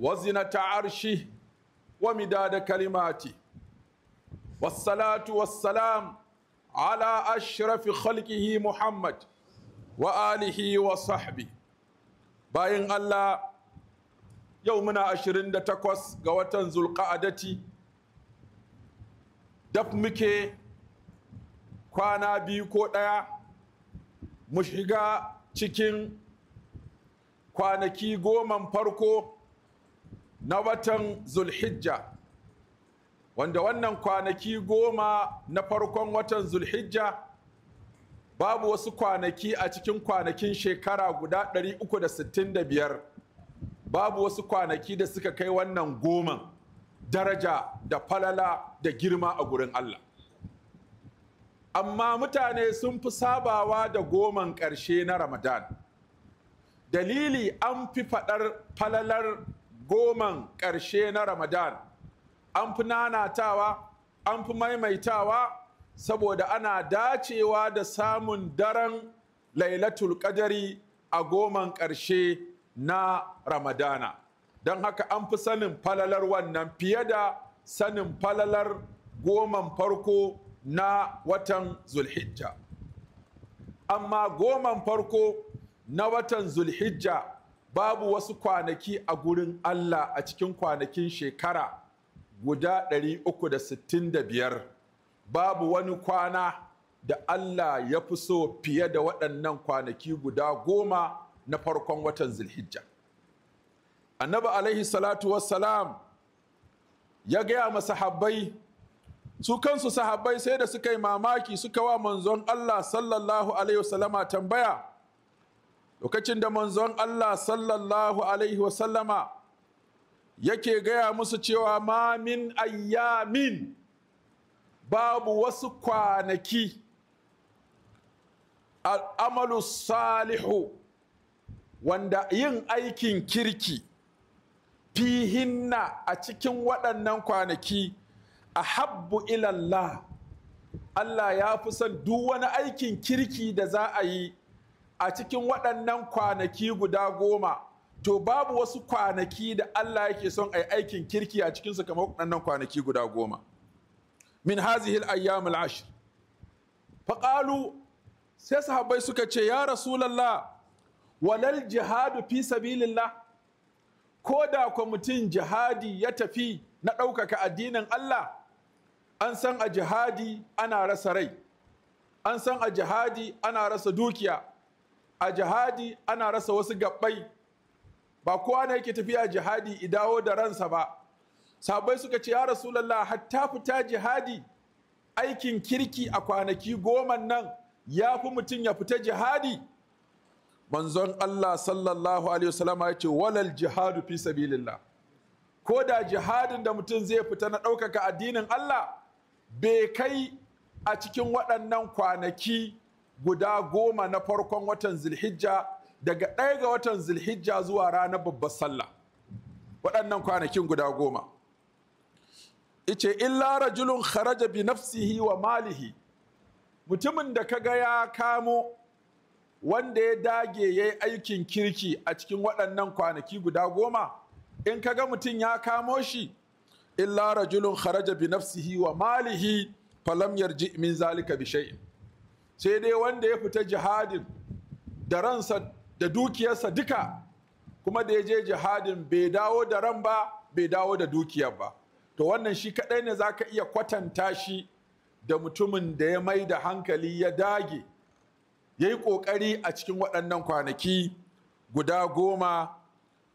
وزنة عرشه ومداد كلماته والصلاة والسلام على أشرف خلقه محمد وآله وصحبه باين الله يومنا عشرين تقوس قواتن ذو القعدة daf muke kwana biyu ko ɗaya mu shiga cikin kwanaki goman farko na watan zulhijja wanda wannan kwanaki goma na farkon watan zulhijja babu wasu kwanaki a cikin kwanakin shekara guda 365 babu wasu kwanaki da suka kai wannan goman daraja da falala da girma a gurin Allah amma mutane sun fi sabawa da goman ƙarshe na ramadan dalili an fi faɗar falalar goman ƙarshe na ramadan an fi nanatawa an fi maimaitawa saboda ana dacewa da samun daren lailatul ƙadari a goman ƙarshe na ramadana don haka an fi sanin falalar wannan fiye da sanin falalar goman farko na watan zulhijja amma goman farko na watan zulhijja babu wasu kwanaki a gurin Allah a cikin kwanakin shekara guda 365 babu wani kwana da Allah ya fi so fiye da waɗannan kwanaki guda goma na farkon watan zulhijja annabi alaihi salatu wassalam ya gaya ma sahabai, su kansu sahabbai sai da suka yi mamaki suka wa manzon Allah sallallahu alaihi wasallama tambaya lokacin da manzon Allah sallallahu alaihi wasallama yake gaya musu cewa ma min ayyamin babu wasu kwanaki al'amalu salihu wanda yin aikin kirki fihinna a cikin waɗannan kwanaki a habbu ilallah Allah ya fi son duk wani aikin kirki da za a yi a cikin waɗannan kwanaki guda goma to babu wasu kwanaki da Allah yake son a aikin kirki a cikinsu kamar waɗannan kwanaki guda goma min hazihil ayyamul ashir faƙalu sai sahabbai suka ce ya rasulallah walal jihadu fi sabilillah ko da kwa mutum jihadi ya tafi na ɗaukaka addinin Allah an san a jihadi ana rasa rai an san a jihadi ana rasa dukiya a jihadi ana rasa wasu gabbai ba kowa ne yake tafiya jihadi idawo da ransa ba sabai suka ce ya rasu rasulallah hatta fita jihadi aikin kirki a kwanaki goma nan ya fi mutum ya fita jihadi manzon Allah sallallahu alaihi wasallam ya ce walal jihadu fi sabilillah ko da jihadin da mutum zai fita na ɗaukaka addinin Allah bai kai a cikin waɗannan kwanaki guda goma na farkon watan zilhijja daga ɗaya ga watan zilhijja zuwa ranar babbar sallah waɗannan kwanakin guda goma ice illa rajulun kharaja bi nafsihi wa malihi mutumin da kaga ya kamo wanda ya dage ya yi aikin kirki a cikin waɗannan kwanaki guda goma in kaga mutum ya kamo shi illa rajulun kharaja bi nafsihi wa malihi falam yarji min zalika bi shay'in sai dai wanda ya fita jihadin da ransa da dukiyarsa duka kuma da ya je jihadin bai dawo da ran ba bai dawo da dukiyar ba to wannan shi kaɗai ne za ka iya kwatanta shi da mutumin da ya mai da hankali ya dage ya yi ƙoƙari a cikin waɗannan kwanaki guda goma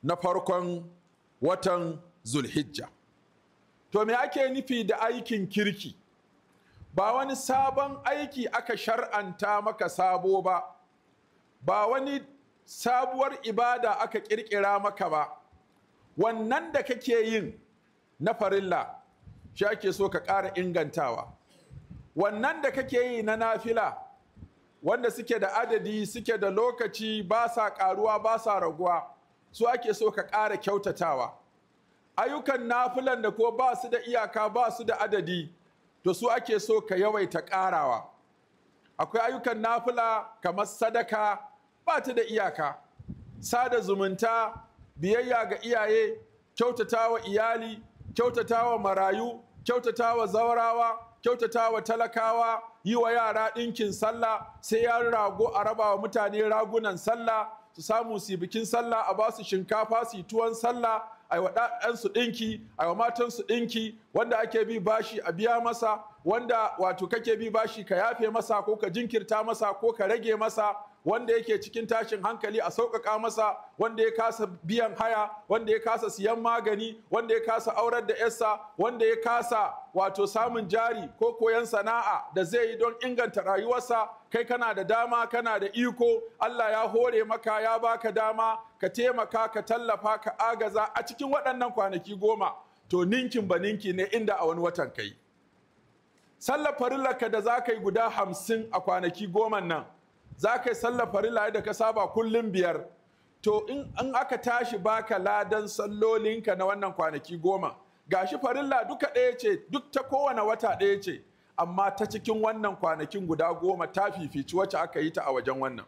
na farkon watan zulhijja to me ake nufi da aikin kirki ba wani sabon aiki aka shar'anta maka sabo ba ba wani sabuwar ibada aka kirkira maka ba wannan da kake yin na farilla shi ake so ka ƙara ingantawa wannan da kake yi na nafila wanda suke da adadi suke da lokaci ba sa ƙaruwa ba sa raguwa su ake so ka ƙara kyautatawa ayyukan nafilan da ko ba su da iyaka ba su da adadi to su ake so ka yawaita ƙarawa akwai ayyukan nafila kamar sadaka ba ta da iyaka sada zumunta biyayya ga iyaye kyautata wa iyali kyautatawa marayu kyautatawa zaurawa kyautatawa talakawa yi wa yara ɗinkin sallah sai ya rago a raba wa mutane ragunan sallah su samu su bikin sallah a basu shinkafa su yi tuwon sallah a wa ɗansu ɗinki a wa matansu ɗinki wanda ake bi bashi a biya masa wanda wato kake bi bashi ka yafe masa ko ka jinkirta masa ko ka rage masa wanda yake cikin tashin hankali a sauƙaƙa masa wanda ya kasa biyan haya wanda ya kasa siyan magani wanda ya kasa aurar da yarsa wanda ya kasa wato samun jari ko koyon sana'a da zai yi don inganta rayuwarsa kai kana da dama kana da iko Allah ya hore maka ya baka dama ka taimaka ka tallafa ka agaza a cikin waɗannan kwanaki goma to ninkin ba ninki ne inda a wani watan kai sallar farillarka da za ka yi guda hamsin a kwanaki goma nan za ka yi sallar farilla da ka saba kullum biyar to in aka tashi baka ladan sallolinka na wannan kwanaki goma gashi farilla duka ɗaya ce duk ta kowane wata ɗaya ce amma ta cikin wannan kwanakin guda goma ta fifici wacce aka yi ta a wajen wannan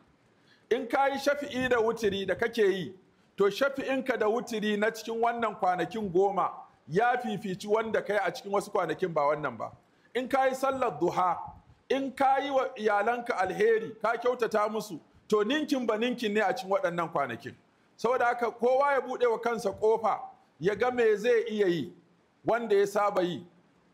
in ka yi shafi'i da wuturi da kake yi to shafi'inka da wuturi na cikin wannan kwanakin goma ya fifici wanda ka yi a cikin wasu kwanakin ba wannan ba in ka yi sallar duha in ka yi wa iyalanka alheri ka kyautata musu to ninkin ba ninkin ne a cikin waɗannan kwanakin saboda haka kowa ya buɗe wa kansa ƙofa ya ga me zai iya yi wanda ya saba yi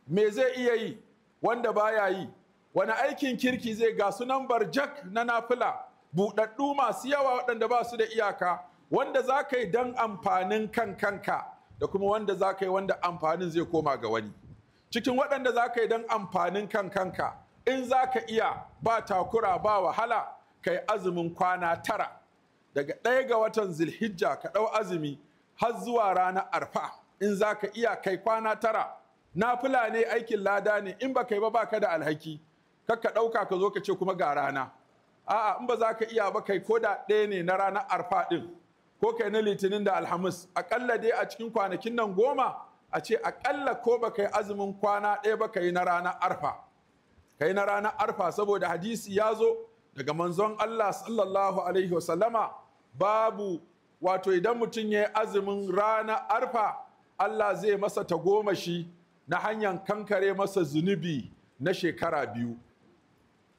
me zai iya yi wanda baya yi wani aikin kirki zai ga sunan barjak na nafila buɗaɗɗu masu yawa waɗanda ba su da iyaka wanda za ka yi don amfanin kan kanka da kuma wanda za ka yi wanda amfanin zai koma ga wani cikin waɗanda za ka yi don amfanin kan kanka in za ka iya ba takura ba wahala kai azumin kwana tara daga ɗaya ga watan zilhijja ka ɗau azumi har zuwa rana arfa in za ka iya kai kwana tara Na ne aikin lada ne in ba kai ba ka da alhaki kar ka ɗauka ka zo ka ce kuma ga rana a'a in ba za ka iya ba kai ko da ɗaya ne na rana arfa ɗin ko kai na litinin da alhamis aƙalla dai a cikin kwanakin nan goma a ce aƙalla ko ba kai azumin kwana ɗaya ba kai na rana arfa kai na ranar arfa saboda hadisi ya zo daga manzon Allah sallallahu alaihi wasallama babu wato idan mutum ya yi azumin ranar arfa Allah zai masa tagomashi na hanyar kankare masa zunubi na shekara biyu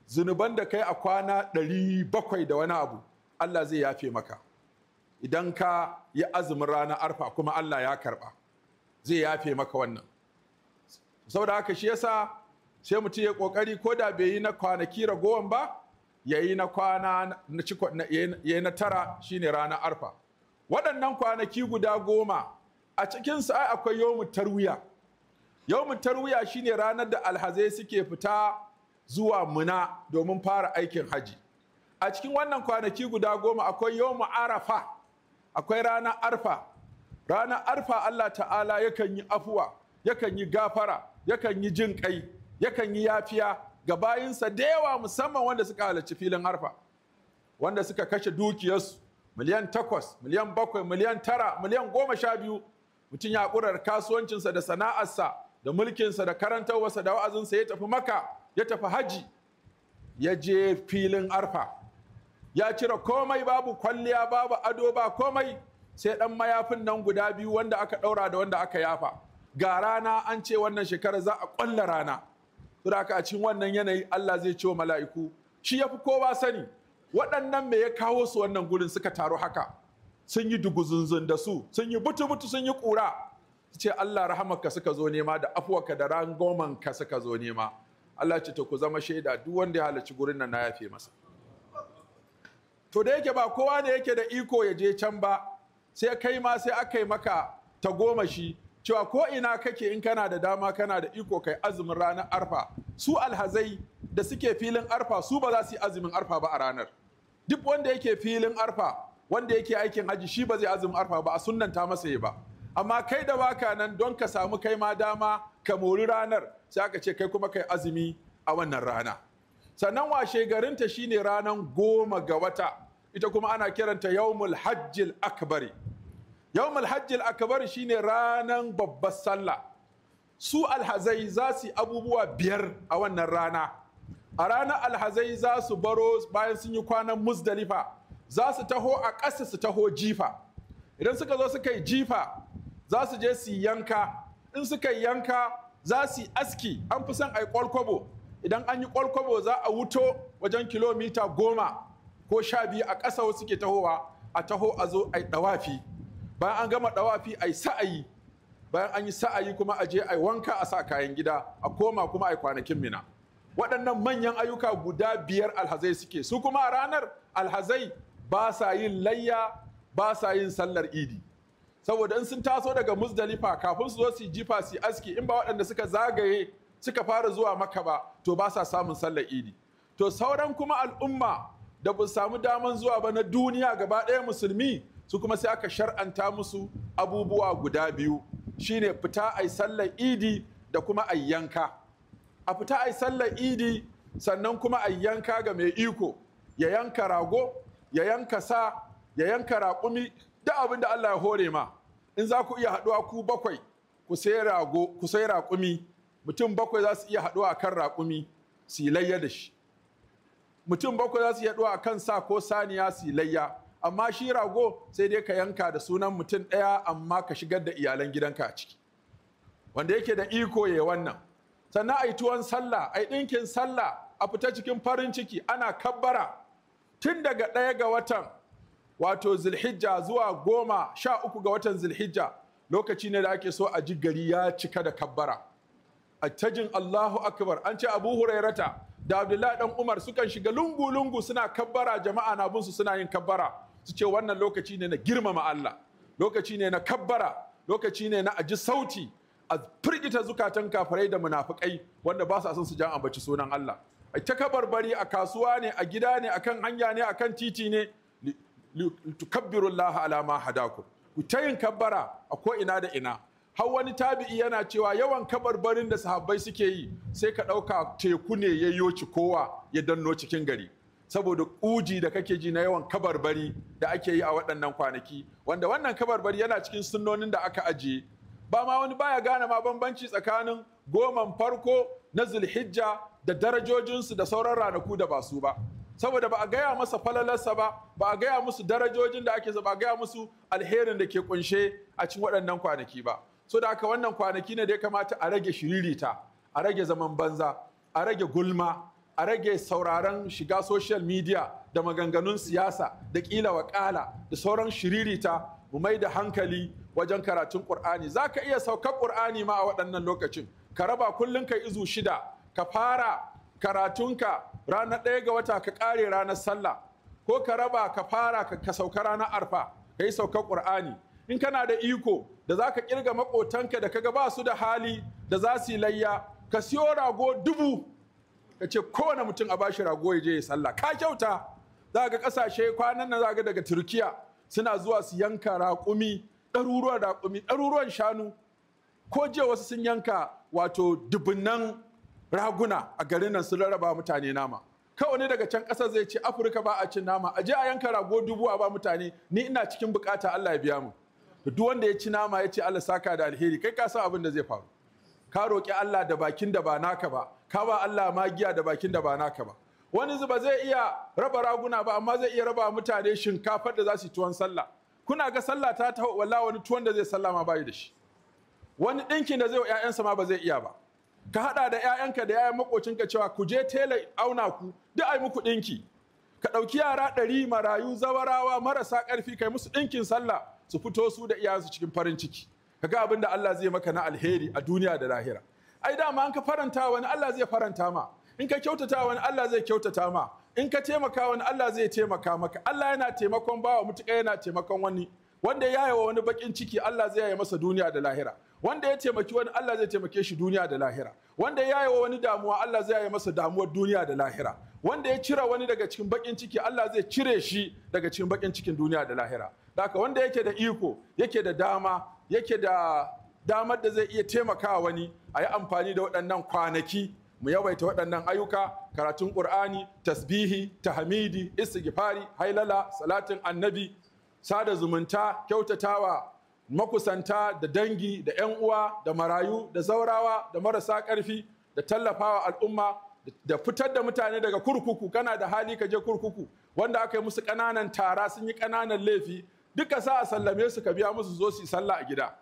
zunuban da kai a kwana ɗari bakwai da wani abu Allah zai yafe maka idan ka yi azumin ranar arfa kuma Allah ya karɓa zai yafe maka wannan saboda haka shi yasa sai mutum ya kokari ko da bai yi na kwanaki ragowan ba ya yi na kwana ya yi na tara shine ranar arfa waɗannan kwanaki guda goma a cikin sa akwai yawmut tarwiya yawmut tarwiya shine ranar da alhazai suke fita zuwa muna domin fara aikin haji a cikin wannan kwanaki guda goma akwai yawmu arafa akwai ranar arfa ranar arfa Allah ta'ala yakan yi afuwa yakan yi gafara yakan yi jin kai yakan yi yafiya ga bayinsa da yawa musamman wanda suka halarci filin arfa wanda suka kashe dukiyarsu miliyan takwas miliyan bakwai miliyan tara miliyan goma sha biyu mutum ya ƙurar kasuwancinsa da sana'arsa da mulkinsa da karantarwarsa da wa'azinsa ya tafi maka ya tafi haji ya je filin arfa ya cire komai babu kwalliya babu ado ba komai sai ɗan mayafin nan guda biyu wanda aka ɗaura da wanda aka yafa ga rana an ce wannan shekara za a ƙwalla rana Saboda haka a wannan yanayi Allah zai ce wa mala'iku shi yafi kowa sani waɗannan me ya kawo su wannan gurin suka taru haka sun yi duguzunzun da su sun yi butu-butu sun yi ƙura ce Allah ka suka zo nema da afuwarka da rangomanka suka zo nema Allah ce to ku zama shaida duk wanda ya halarci gurin nan na yafe masa to da yake ba kowa ne yake da iko ya je can ba sai kai ma sai aka yi maka ta goma shi cewa ko ina kake in kana da dama kana da iko kai azumin ranar arfa su alhazai da suke filin arfa su ba za su yi azumin arfa ba a ranar duk wanda yake filin arfa wanda yake aikin haji shi ba zai azumin arfa ba a sunnanta masa ba amma kai da waka nan don ka samu kai ma dama ka mori ranar sai aka ce kai kuma kai azumi a wannan rana sannan washe garinta shine ranar goma ga wata ita kuma ana kiranta yawmul hajjil akbari yau malhajjil akabar shine ranar babbar sallah su alhazai za su abubuwa biyar a wannan rana a ranar alhazai za su baro bayan sun yi kwanan musdalifa za su taho a ƙasa su taho jifa idan suka zo suka yi jifa za su je su yanka in suka yi yanka za su yi aski an fi son a yi kwalkwabo idan an yi kwalkwabo za a wuto wajen kilomita goma ko sha biyu a ƙasa wasu ke tahowa a taho a zo a yi ɗawafi bayan an gama dawafi ai sa'ayi bayan an yi sa'ayi kuma a je ai wanka a sa kayan gida a koma kuma ai kwanakin mina waɗannan manyan ayyuka guda biyar alhazai suke su kuma a ranar alhazai ba sa yin layya ba sa yin sallar idi saboda in sun taso daga muzdalifa kafin su zo su jifa su aski in ba waɗanda suka zagaye suka fara zuwa maka ba to ba sa samun sallar idi to sauran kuma al'umma da ba samu daman zuwa ba na duniya gaba ɗaya musulmi su kuma sai aka shar'anta musu abubuwa guda biyu shine fita ai sallar idi da kuma ai yanka a fita ai sallar idi sannan kuma ai yanka ga mai iko ya yanka rago ya yanka sa ya yanka raƙumi da abin da Allah ya hore ma in za ku iya haɗuwa ku bakwai ku sai raƙumi mutum bakwai za su iya haɗuwa a kan raƙumi su layya da shi mutum bakwai za su iya haɗuwa a kan sa ko saniya su layya amma shi rago sai dai ka yanka da sunan mutum ɗaya amma ka shigar da iyalan gidanka a ciki wanda yake da iko ya wannan sannan a yi tuwon sallah a yi ɗinkin sallah a fita cikin farin ciki ana kabbara tun daga ɗaya ga watan wato zilhijja zuwa goma sha uku ga watan zilhijja lokaci ne da ake so a ji gari ya cika da kabbara a tajin allahu akbar an ce abu hurairata da abdullahi dan umar sukan shiga lungu-lungu suna kabbara jama'a na bunsu suna yin kabbara su ce wannan lokaci ne na girmama Allah lokaci ne na kabbara lokaci ne na aji sauti a firgita zukatan kafirai da munafukai wanda ba su son su jan ambaci sunan Allah A ta kabarbari a kasuwa ne a gida ne akan hanya ne akan titi ne tukabbirullaha ala ma hadakum ku ta yin kabbara a ko ina da ina har wani tabi'i yana cewa yawan kabarbarin da sahabbai suke yi sai ka ɗauka teku ne ya yoci kowa ya danno cikin gari saboda ƙuji da kake ji na yawan kabarbari da ake yi a waɗannan kwanaki wanda wannan kabarbari yana cikin sunnonin da aka ajiye ba ma wani baya gane ma bambanci tsakanin goman farko na zulhijja da darajojinsu da sauran ranaku da ba su ba saboda ba a gaya masa falalarsa ba ba a gaya musu darajojin da ake ba a gaya musu alherin da ke kunshe a cikin waɗannan kwanaki ba so da aka wannan kwanaki ne da ya kamata a rage shiririta a rage zaman banza a rage gulma a rage sauraron shiga social media da maganganun siyasa da kila wakala da sauran shiririta mu mai da hankali wajen karatun ƙur'ani za ka iya saukar ƙur'ani ma a waɗannan lokacin ka raba kullun ka izu shida ka fara karatunka ranar ɗaya ga wata ka ƙare ranar sallah ko ka raba ka fara ka sauka ranar arfa ka yi saukar ƙur'ani in kana da iko da za ka ƙirga maƙotanka da ka ba su da hali da za su yi layya ka siyo rago dubu ka ce kowane mutum a bashi rago ya je ya sallah ka kyauta za ga kasashe kwanan nan za ga daga turkiya suna zuwa su yanka raƙumi ɗaruruwan raƙumi ɗaruruwan shanu ko jiya wasu sun yanka wato dubunnan raguna a garin nan su rarraba mutane nama kawai ne daga can ƙasar zai ce afirka ba a cin nama a je a yanka rago dubu a ba mutane ni ina cikin bukata allah ya biya mu duk wanda ya ci nama ya ce allah saka da alheri kai ka san abin da zai faru ka roƙi allah da bakin da ba naka ba ba Allah magiya da bakin da ba naka ba wani zuba zai iya raba raguna ba amma zai iya raba mutane shinkafar da za su tuwon sallah kuna ga sallah ta taho walla wani tuwon da zai sallah ma bai da shi wani ɗinkin da zai wa ƴaƴansa ma ba zai iya ba ka haɗa da ƴaƴanka da ƴaƴan makocinka cewa ku je tela auna ku duk ai muku ɗinki ka ɗauki yara ɗari marayu zawarawa marasa ƙarfi kai musu ɗinkin sallah su fito su da iyayensu cikin farin ciki Ka ga abin da Allah zai maka na alheri a duniya da lahira ai dama an ka faranta wani Allah zai faranta ma in ka kyautata wani Allah zai kyautata ma in ka taimaka wani Allah zai taimaka maka Allah yana taimakon bawa mutuka yana taimakon wani wanda ya yi wa wani bakin ciki Allah zai yi masa duniya da lahira wanda ya taimaki wani Allah zai taimake shi duniya da lahira wanda ya yi wa wani damuwa Allah zai yi masa damuwar duniya da lahira wanda ya cire wani daga cikin bakin ciki Allah zai cire shi daga cikin bakin cikin duniya da lahira daka wanda yake da iko yake da dama yake da damar da zai iya taimakawa wani a yi amfani da waɗannan kwanaki mu yawaita waɗannan ayyuka karatun ƙur'ani tasbihi tahmidi istighfari hailala salatin annabi sada zumunta kyautatawa makusanta da dangi da 'yan uwa da marayu da zaurawa da marasa ƙarfi da tallafawa al'umma da fitar da mutane daga kurkuku kana da hali ka je kurkuku wanda aka yi musu ƙananan tara sun yi ƙananan laifi duka sa a sallame su ka biya musu zo su yi sallah a gida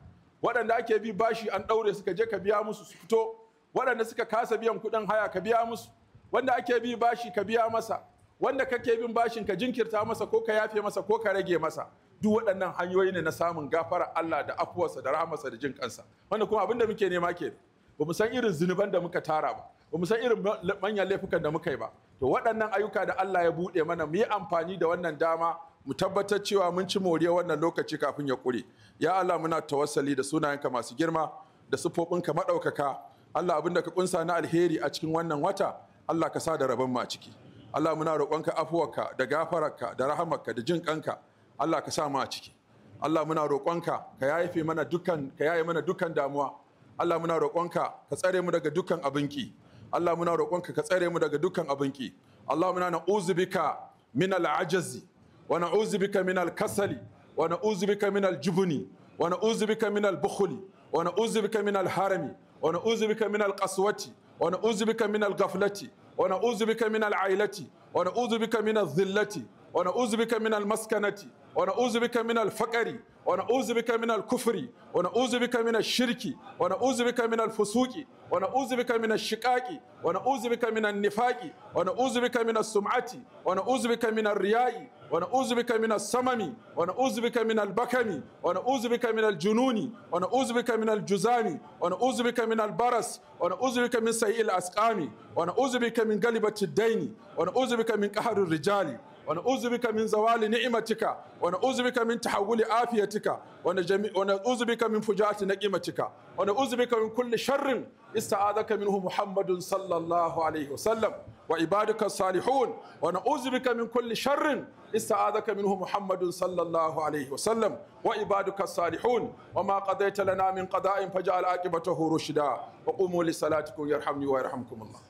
waɗanda ake bi bashi an ɗaure suka je ka biya musu su fito waɗanda suka kasa biyan kuɗin haya ka biya musu wanda ake bi bashi ka biya masa wanda kake bin bashin ka jinkirta masa ko ka yafe masa ko ka rage masa duk waɗannan hanyoyi ne na samun gafara Allah da afuwarsa da rahamarsa da jin kansa wanda kuma abinda muke nema ke ba mu san irin zunuban da muka tara ba ba mu san irin manyan laifukan da muka yi ba to waɗannan ayyuka da Allah ya buɗe mana mu yi amfani da wannan dama mu tabbatar cewa mun ci moriyar wannan lokaci kafin ya ƙure ya Allah muna tawassali da sunayenka masu girma da sufofinka maɗaukaka Allah abin da ka kunsa na alheri a cikin wannan wata Allah ka sa da rabon ma ciki Allah muna roƙonka afuwarka da gafararka da rahamarka da jin ƙanka Allah ka sa mu a ciki Allah muna roƙonka ka yaye mana dukkan ka yayi mana dukkan damuwa Allah muna roƙonka ka tsare mu daga dukkan abinki Allah muna roƙonka ka tsare mu daga dukkan abinki Allah muna na'uzu bika min al'ajazi ونعوذ بك من الكسل ونعوذ بك من الجبن ونعوذ بك من البخل ونعوذ بك من الحرم ونعوذ بك من القسوة ونعوذ بك من الغفلة ونعوذ بك من العيلة ونعوذ بك من الذلة ونعوذ بك من المسكنة ونعوذ بك من الفقر ونعوذ بك من الكفر ونعوذ بك من الشرك ونعوذ بك من الفسوق ونعوذ بك من الشقاق ونعوذ بك من النفاق ونعوذ بك من السمعة ونعوذ بك من الرياء ونعوذ بك من السمم ونعوذ بك من البكم ونعوذ بك من الجنون ونعوذ بك من الجزام ونعوذ بك من البرس ونعوذ بك من سيئ الأسقام ونعوذ بك من غلبة الدين ونعوذ بك من قهر الرجال wa na'udhu bika min zawali ni'matika wa na'udhu bika min tahawuli afiyatika wa na'udhu bika min fujati naqimatika wa na'udhu bika min kulli sharrin استعاذك منه محمد صلى الله عليه وسلم وعبادك الصالحون ونعوذ بك من كل شر استعاذك منه محمد صلى الله عليه وسلم وعبادك الصالحون وما قضيت لنا من قضاء فجعل عاقبته رشدا وقوموا لصلاتكم يرحمني ويرحمكم الله